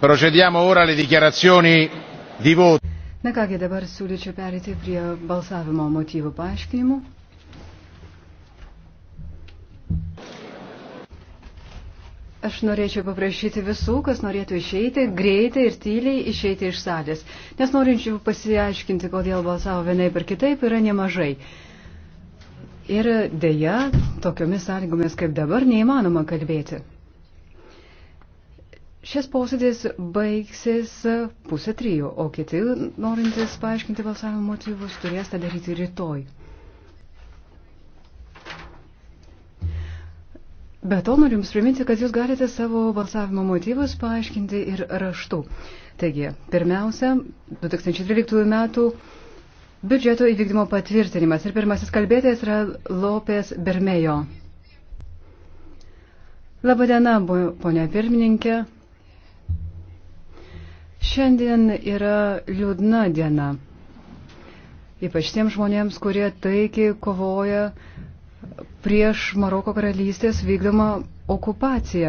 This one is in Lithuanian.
Procediamo ora alle dichiarazioni di voto. Na kągi, dabar siūlyčiau perėti prie balsavimo motyvų paaiškinimų. Aš norėčiau paprašyti visų, kas norėtų išeiti, greitai ir tyliai išeiti iš salės, nes norinčių pasiaiškinti, kodėl balsavo vienai per kitaip, yra nemažai. Ir dėja, tokiomis sąlygomis kaip dabar neįmanoma kalbėti. Šis posėdis baigsis pusę trijų, o kiti norintys paaiškinti balsavimo motyvus turės tą daryti rytoj. Be to noriu Jums priminti, kad Jūs galite savo balsavimo motyvus paaiškinti ir raštu. Taigi, pirmiausia, 2013 metų biudžeto įvykdymo patvirtinimas ir pirmasis kalbėtojas yra Lopės Bermejo. Labadiena, ponia pirmininkė. Šiandien yra liūdna diena, ypač tiems žmonėms, kurie taikiai kovoja prieš Maroko karalystės vykdomą okupaciją.